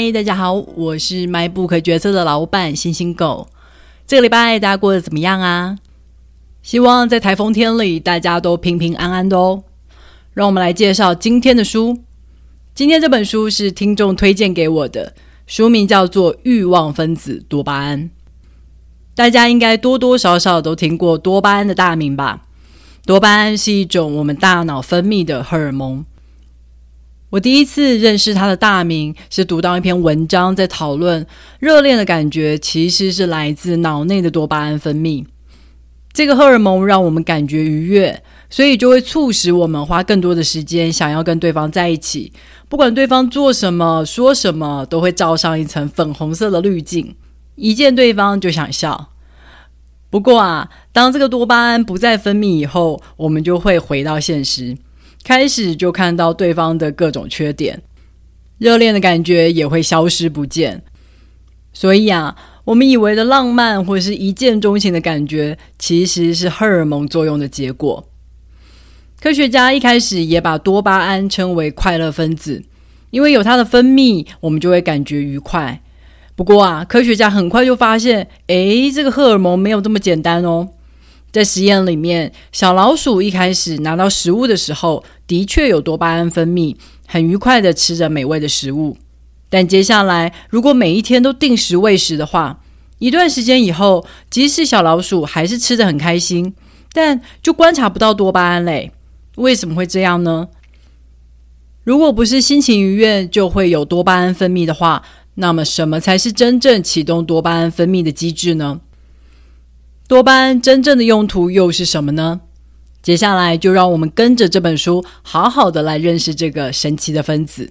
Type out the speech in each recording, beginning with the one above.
嗨，大家好，我是 MINEBOOK 掘冊的老闆星星狗。這個禮拜大家過得怎麼樣啊？希望在台風天裡大家都平平安安的哦。讓我們來介紹今天的書。今天這本書是聽眾推薦給我的，書名叫做《欲望分子多巴胺》。大家應該多多少少都聽過多巴胺的大名吧？多巴胺是一種我們大腦分泌的荷爾蒙。我第一次認識他的大名，是讀到一篇文章，在討論熱戀的感覺其實是來自腦內的多巴胺分泌。這個荷爾蒙讓我們感覺愉悅，所以就會促使我們花更多的時間想要跟對方在一起。不管對方做什麼、說什麼，都會罩上一層粉紅色的濾鏡。一見對方就想笑。不過啊，當這個多巴胺不再分泌以後，我們就會回到現實。開始就看到對方的各種缺點，熱戀的感覺也會消失不見。所以啊，我們以為的浪漫或者是一見鍾情的感覺，其實是荷爾蒙作用的結果。科學家一開始也把多巴胺稱為快樂分子，因為有它的分泌，我們就會感覺愉快。不過啊，科學家很快就發現，誒，這個荷爾蒙沒有這麼簡單哦。在實驗裡面，小老鼠一開始拿到食物的時候，的確有多巴胺分泌，很愉快的吃着美味的食物。但接下來，如果每一天都定時餵食的話，一段時間以後，即使小老鼠還是吃得很開心，但就觀察不到多巴胺嘞。為什麼會這樣呢？如果不是心情愉悅就會有多巴胺分泌的話，那麼什麼才是真正啟動多巴胺分泌的機制呢？多巴胺真正的用途又是什麼呢？接下來就讓我們跟着這本書，好好的來認識這個神奇的分子。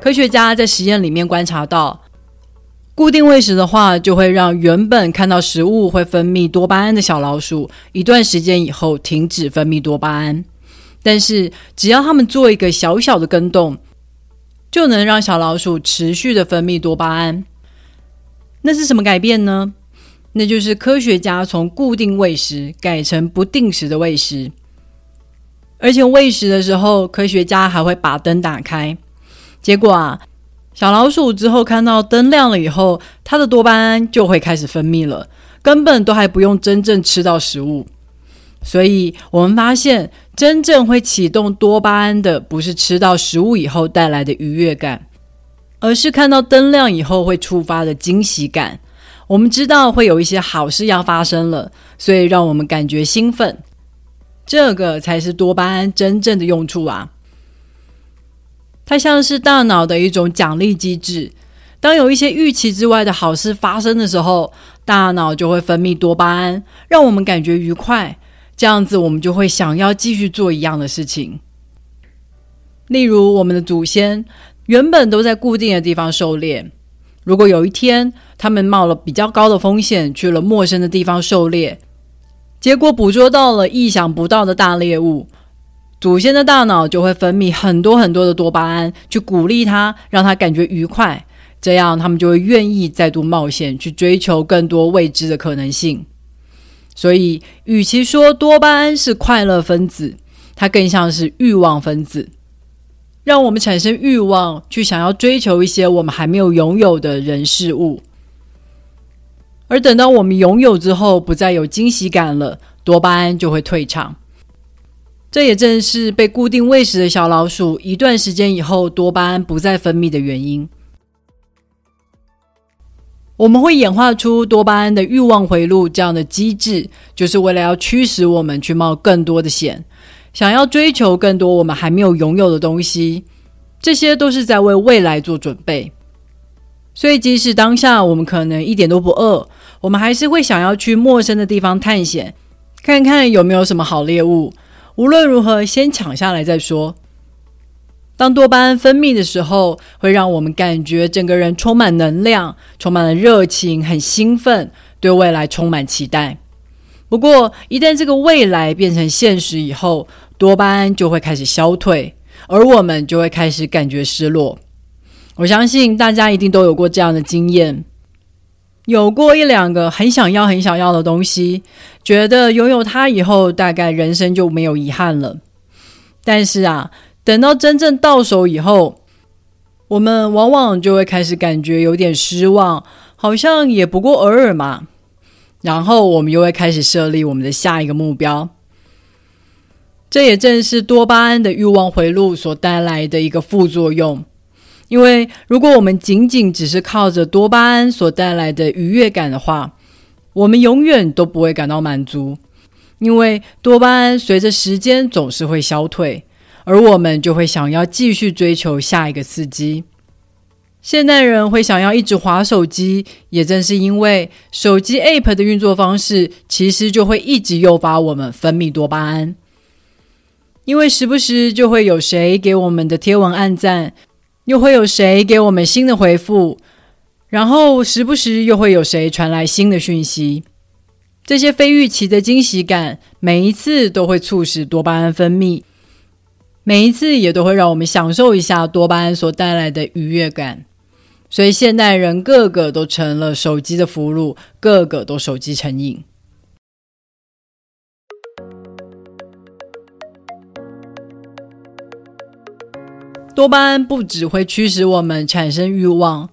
科學家在實驗裡面觀察到，固定餵食的話，就會讓原本看到食物會分泌多巴胺的小老鼠，一段時間以後停止分泌多巴胺。但是，只要他們做一個小小的更動，就能讓小老鼠持續的分泌多巴胺，那是什麼改變呢？那就是科學家從固定餵食改成不定時的餵食，而且餵食的時候，科學家還會把燈打開。結果啊，小老鼠之後看到燈亮了以後，它的多巴胺就會開始分泌了，根本都還不用真正吃到食物。所以我們發現，真正會啟動多巴胺的，不是吃到食物以後帶來的愉悅感，而是看到燈亮以後會觸發的驚喜感。我們知道會有一些好事要發生了，所以讓我們感覺興奮。這個才是多巴胺真正的用處啊。它像是大腦的一種獎勵機制，當有一些預期之外的好事發生的時候，大腦就會分泌多巴胺，讓我們感覺愉快。這樣子，我們就會想要繼續做一樣的事情。例如，我們的祖先原本都在固定的地方狩獵，如果有一天他們冒了比較高的風險去了陌生的地方狩獵，結果捕捉到了意想不到的大獵物，祖先的大腦就會分泌很多很多的多巴胺，去鼓勵他，讓他感覺愉快，這樣他們就會願意再度冒險去追求更多未知的可能性。所以，與其說多巴胺是快樂分子，它更像是欲望分子，讓我們產生欲望，去想要追求一些我們還沒有擁有的人事物。而等到我們擁有之後，不再有驚喜感了，多巴胺就會退場。這也正是被固定餵食的小老鼠一段時間以後，多巴胺不再分泌的原因。我們會演化出多巴胺的慾望迴路這樣的機制，就是為了要驅使我們去冒更多的險，想要追求更多我們還沒有擁有的東西，這些都是在為未來做準備。所以，即使當下我們可能一點都不餓，我們還是會想要去陌生的地方探險，看看有沒有什麼好獵物，無論如何，先搶下來再說。當多巴胺分泌的時候，會讓我們感覺整個人充滿能量，充滿了熱情，很興奮，對未來充滿期待。不過，一旦這個未來變成現實以後，多巴胺就會開始消退，而我們就會開始感覺失落。我相信大家一定都有過這樣的經驗，有過一兩個很想要、很想要的東西，覺得擁有它以後，大概人生就沒有遺憾了。但是啊，等到真正到手以後，我們往往就會開始感覺有點失望，好像也不過爾爾嘛。然後我們又會開始設立我們的下一個目標。這也正是多巴胺的欲望迴路所帶來的一個副作用。因為如果我們僅僅只是靠着多巴胺所帶來的愉悅感的話，我們永遠都不會感到滿足，因為多巴胺隨着時間總是會消退。而我們就會想要繼續追求下一個刺激。現代人會想要一直滑手機，也正是因為手機 App 的運作方式，其實就會一直誘發我們分泌多巴胺。因為時不時就會有誰給我們的貼文按讚，又會有誰給我們新的回復，然後時不時又會有誰傳來新的訊息。這些非預期的驚喜感，每一次都會促使多巴胺分泌。每一次也都會讓我們享受一下多巴胺所帶來的愉悅感，所以現代人個個都成了手機的俘虜，個個都手機成癮。多巴胺不只會驅使我們產生欲望，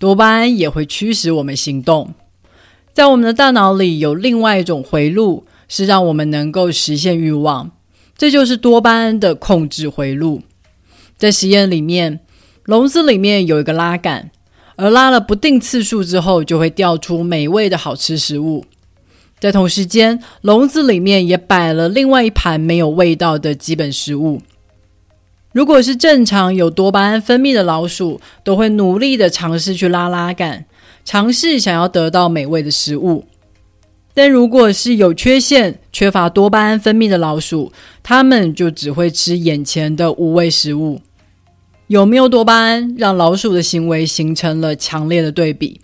多巴胺也會驅使我們行動。在我們的大腦裡有另外一種迴路，是讓我們能夠實現欲望。這就是多巴胺的控制回路。在實驗裡面，籠子裡面有一個拉桿，而拉了不定次數之後，就會掉出美味的好吃食物。在同時間，籠子裡面也擺了另外一盤沒有味道的基本食物。如果是正常有多巴胺分泌的老鼠，都會努力的嘗試去拉拉桿，嘗試想要得到美味的食物。但如果是有缺陷、缺乏多巴胺分泌的老鼠，它們就只會吃眼前的無味食物。有沒有多巴胺讓老鼠的行為形成了強烈的對比。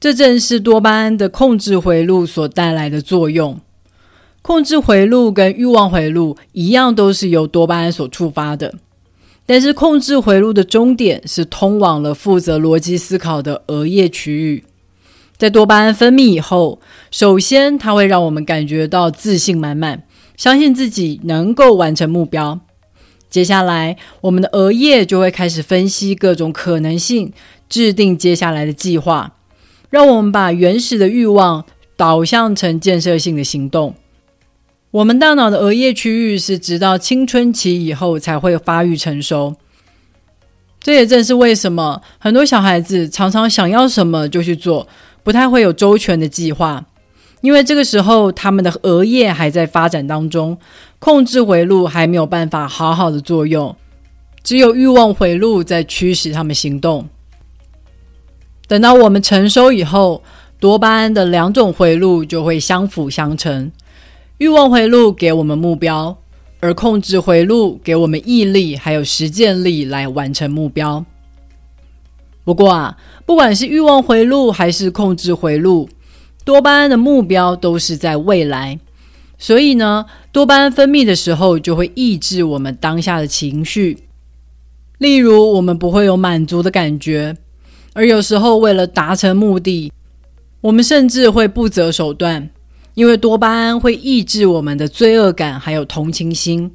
這正是多巴胺的控制回路所帶來的作用。控制回路跟欲望回路一樣，都是由多巴胺所觸發的，但是控制回路的終點是通往了負責邏輯思考的額葉區域。在多巴胺分泌以後，首先它會讓我們感覺到自信滿滿，相信自己能夠完成目標。接下來，我們的額葉就會開始分析各種可能性，制定接下來的計劃，讓我們把原始的慾望導向成建設性的行動。我們大腦的額葉區域是直到青春期以後才會發育成熟。這也正是為什麼很多小孩子常常想要什麼就去做。不太會有周全的計劃，因為這個時候他們的額葉還在發展當中，控制迴路還沒有辦法好好的作用，只有慾望迴路在驅使他們行動。等到我們成熟以後，多巴胺的兩種迴路就會相輔相成，慾望迴路給我們目標，而控制迴路給我們毅力還有實踐力來完成目標。不過啊，不管是欲望迴路還是控制迴路，多巴胺的目標都是在未來。所以呢，多巴胺分泌的時候就會抑制我們當下的情緒。例如，我們不會有滿足的感覺，而有時候為了達成目的，我們甚至會不擇手段，因為多巴胺會抑制我們的罪惡感還有同情心。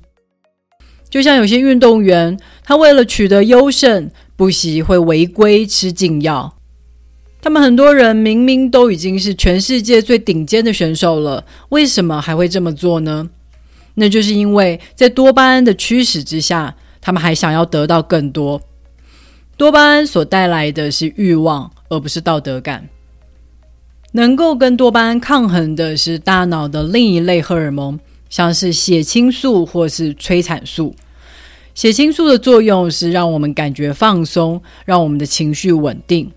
就像有些運動員，他為了取得優勝，不惜會違規吃禁藥，他們很多人明明都已經是全世界最頂尖的選手了，為什麼還會這麼做呢？那就是因為在多巴胺的驅使之下，他們還想要得到更多。多巴胺所帶來的是欲望，而不是道德感。能夠跟多巴胺抗衡的是大腦的另一類荷爾蒙，像是血清素或是催產素。血清素的作用是讓我們感覺放鬆，讓我們的情緒穩定，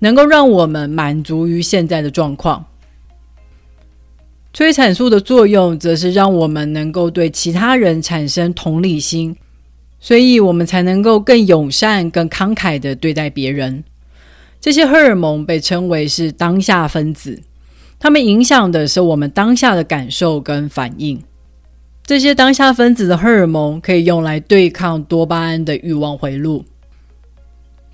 能夠讓我們滿足於現在的狀況。催產素的作用則是讓我們能夠對其他人產生同理心，所以我們才能夠更友善、更慷慨地對待別人。這些荷爾蒙被稱為是當下分子，它們影響的是我們當下的感受跟反應。這些當下分子的荷爾蒙可以用來對抗多巴胺的欲望回路。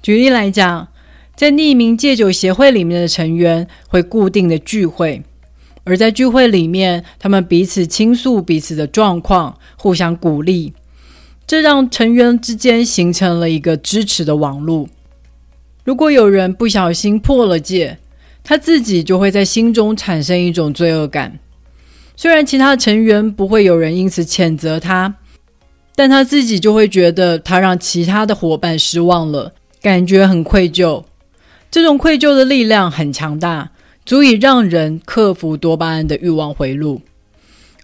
舉例來講，在匿名戒酒協會裡面的成員會固定的聚會，而在聚會裡面，他們彼此傾訴彼此的狀況，互相鼓勵，這讓成員之間形成了一個支持的網路。如果有人不小心破了戒，他自己就會在心中產生一種罪惡感。雖然其他成員不會有人因此譴責他，但他自己就會覺得他讓其他的夥伴失望了，感覺很愧疚。這種愧疚的力量很強大，足以讓人克服多巴胺的欲望回路。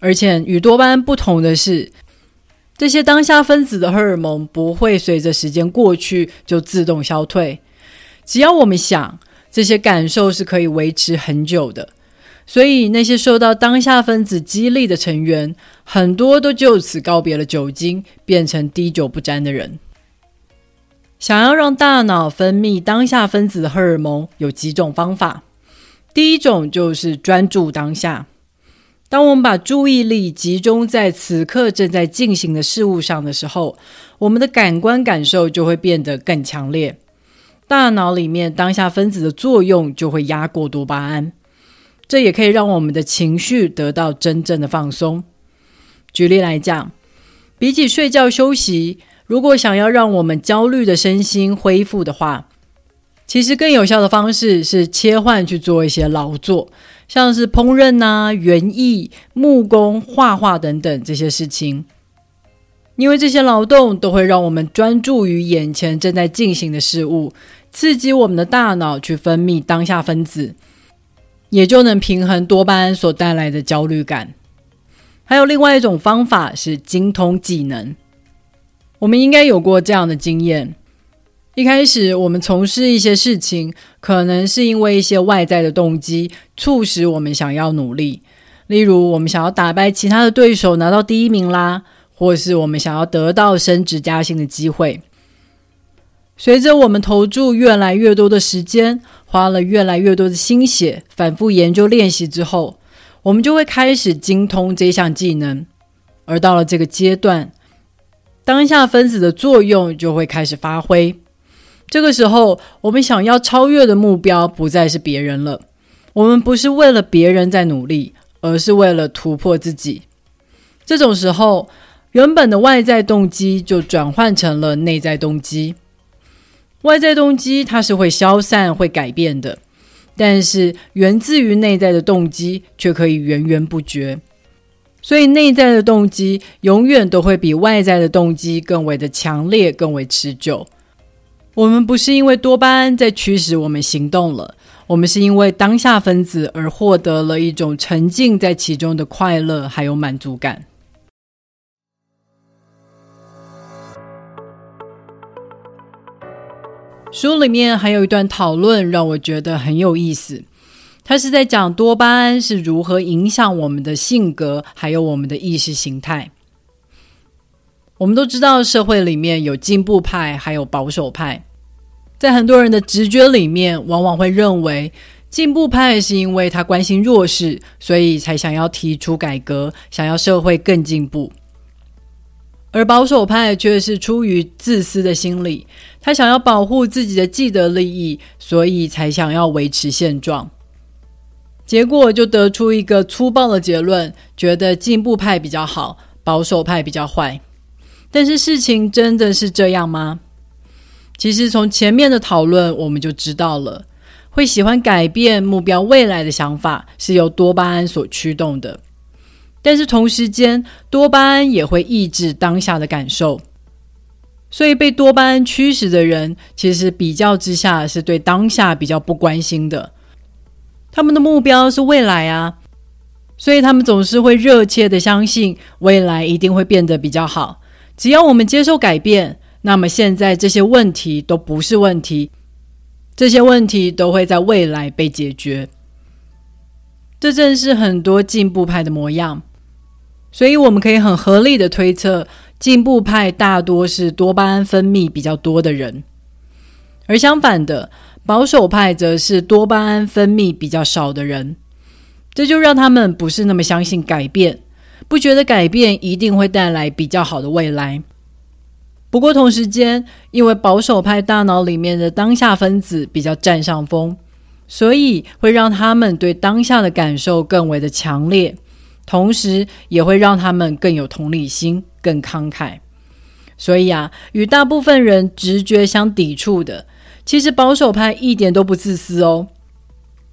而且與多巴胺不同的是，這些當下分子的荷爾蒙不會隨着時間過去就自動消退。只要我們想，這些感受是可以維持很久的。所以，那些受到當下分子激勵的成員，很多都就此告別了酒精，變成滴酒不沾的人。想要讓大腦分泌當下分子的荷爾蒙，有幾種方法。第一種就是專注當下。當我們把注意力集中在此刻正在進行的事物上的時候，我們的感官感受就會變得更強烈，大腦裡面當下分子的作用就會壓過多巴胺。這也可以讓我們的情緒得到真正的放鬆。舉例來講，比起睡覺休息，如果想要讓我們焦慮的身心恢復的話，其實更有效的方式是切換去做一些勞作，像是烹飪吶、啊、園藝、木工、畫畫等等這些事情，因為這些勞動都會讓我們專注於眼前正在進行的事物，刺激我們的大腦去分泌當下分子。也就能平衡多巴胺所帶來的焦慮感。還有另外一種方法是精通技能。我們應該有過這樣的經驗：一開始我們從事一些事情，可能是因為一些外在的動機促使我們想要努力，例如我們想要打敗其他的對手，拿到第一名啦，或是我們想要得到升職加薪的機會。隨着我們投注越來越多的時間，花了越來越多的心血，反覆研究練習之後，我們就會開始精通這項技能。而到了這個階段，當下分子的作用就會開始發揮。這個時候，我們想要超越的目標不再是別人了，我們不是為了別人在努力，而是為了突破自己。這種時候，原本的外在動機就轉換成了內在動機。外在動機它是會消散、會改變的，但是源自於內在的動機卻可以源源不絕，所以內在的動機永遠都會比外在的動機更為的強烈、更為持久。我們不是因為多巴胺在驅使我們行動了，我們是因為當下分子而獲得了一種沉浸在其中的快樂，還有滿足感。書裡面還有一段討論，讓我覺得很有意思，他是在講多巴胺是如何影響我們的性格，還有我們的意識形態。我們都知道社會裡面有進步派，還有保守派。在很多人的直覺裡面，往往會認為進步派是因為他關心弱勢，所以才想要提出改革，想要社會更進步；而保守派卻是出於自私的心理。他想要保護自己的既得利益，所以才想要維持現狀。結果就得出一個粗暴的結論，覺得進步派比較好，保守派比較壞。但是事情真的是這樣嗎？其實從前面的討論我們就知道了，會喜歡改變目標未來的想法是由多巴胺所驅動的。但是同時間，多巴胺也會抑制當下的感受。所以被多巴胺驅使的人，其實比較之下是對當下比較不關心的。他們的目標是未來啊，所以他們總是會熱切的相信未來一定會變得比較好。只要我們接受改變，那麼現在這些問題都不是問題，這些問題都會在未來被解決。這正是很多進步派的模樣。所以我們可以很合理的推測，進步派大多是多巴胺分泌比較多的人，而相反的保守派則是多巴胺分泌比較少的人，這就讓他們不是那麼相信改變，不覺得改變一定會帶來比較好的未來。不過同時間，因為保守派大腦裡面的當下分子比較佔上風，所以會讓他們對當下的感受更為的強烈。同時也會讓他們更有同理心、更慷慨。所以啊，與大部分人直覺相抵觸的，其實保守派一點都不自私哦。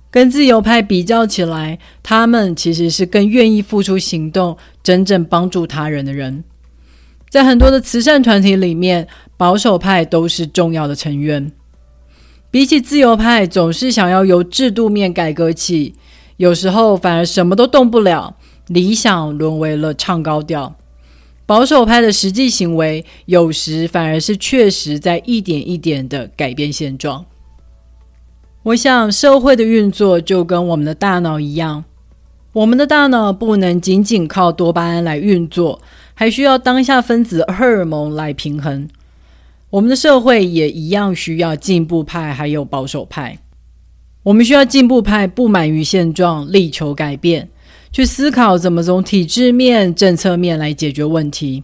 跟自由派比較起來，他們其實是更願意付出行動、真正幫助他人的人。在很多的慈善團體裡面，保守派都是重要的成員。比起自由派，總是想要由制度面改革起，有時候反而什麼都動不了。理想淪為了唱高調，保守派的實際行為有時反而是確實在一點一點的改變現狀。我想，社會的運作就跟我們的大腦一樣，我們的大腦不能僅僅靠多巴胺來運作，還需要當下分子荷爾蒙來平衡。我們的社會也一樣需要進步派還有保守派，我們需要進步派不滿於現狀，力求改變。去思考怎麼從體制面、政策面來解決問題，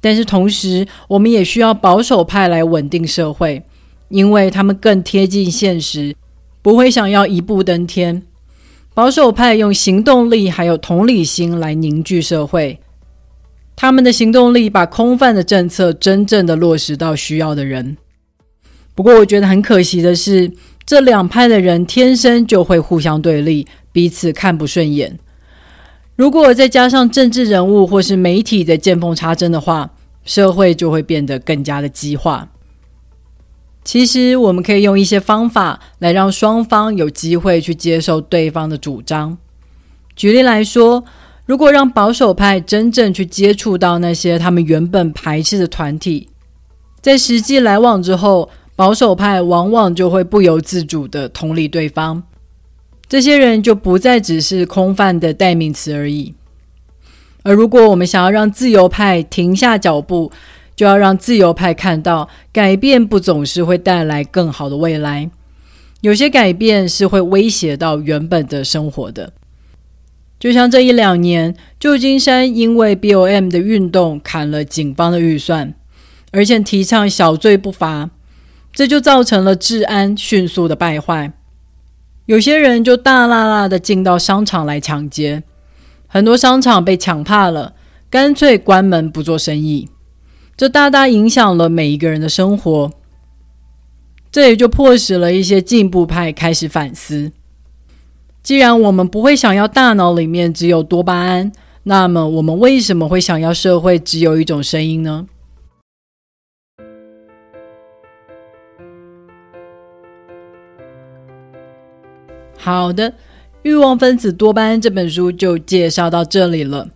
但是同時，我們也需要保守派來穩定社會，因為他們更貼近現實，不會想要一步登天。保守派用行動力還有同理心來凝聚社會，他們的行動力把空泛的政策真正的落實到需要的人。不過，我覺得很可惜的是，這兩派的人天生就會互相對立，彼此看不順眼。如果再加上政治人物或是媒體的見縫插針的話，社會就會變得更加的激化。其實我們可以用一些方法來讓雙方有機會去接受對方的主張。舉例來說，如果讓保守派真正去接觸到那些他們原本排斥的團體，在實際來往之後，保守派往往就會不由自主地同理對方。這些人就不再只是空泛的代名詞而已。而如果我們想要讓自由派停下腳步，就要讓自由派看到，改變不總是會帶來更好的未來。有些改變是會威脅到原本的生活的。就像這一兩年，舊金山因為 BLM 的運動砍了警方的預算，而且提倡小罪不罰，這就造成了治安迅速的敗壞。有些人就大剌剌的進到商場來搶劫，很多商場被搶怕了，乾脆關門不做生意，這大大影響了每一個人的生活。這也就迫使了一些進步派開始反思：既然我們不會想要大腦裡面只有多巴胺，那麼我們為什麼會想要社會只有一種聲音呢？好的，《欲望分子多巴胺》這本書就介紹到這裡了。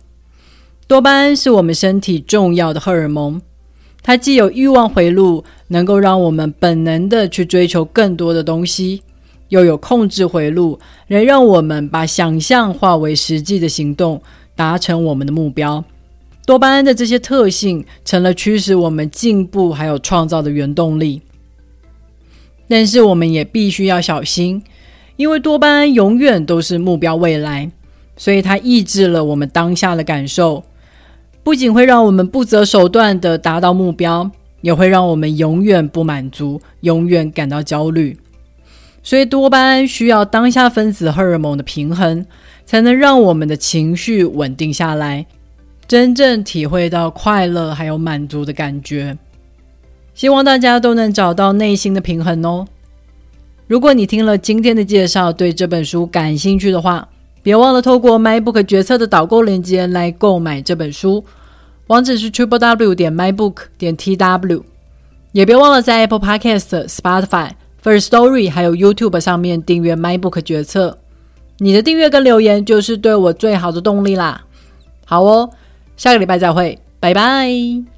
多巴胺是我們身體重要的荷爾蒙，它既有欲望回路，能夠讓我們本能地去追求更多的東西，又有控制回路，能讓我們把想象化為實際的行動，達成我們的目標。多巴胺的這些特性，成了驅使我們進步還有創造的原動力。但是，我們也必須要小心。因為多巴胺永遠都是目標未來，所以它抑制了我們當下的感受，不僅會讓我們不擇手段地達到目標，也會讓我們永遠不滿足，永遠感到焦慮。所以多巴胺需要當下分子荷爾蒙的平衡，才能讓我們的情緒穩定下來，真正體會到快樂還有滿足的感覺。希望大家都能找到內心的平衡哦。如果你聽了今天的介紹，對這本書感興趣的話，別忘了透過 MINEBOOK 掘冊的導購鏈接來購買這本書，網址是 triple W 點 minebook 點 tw，也別忘了在 Apple Podcast、Spotify、First Story 還有 YouTube 上面訂閱 MINEBOOK 掘冊，你的訂閱跟留言就是對我最好的動力啦。好哦，下個禮拜再會，拜拜。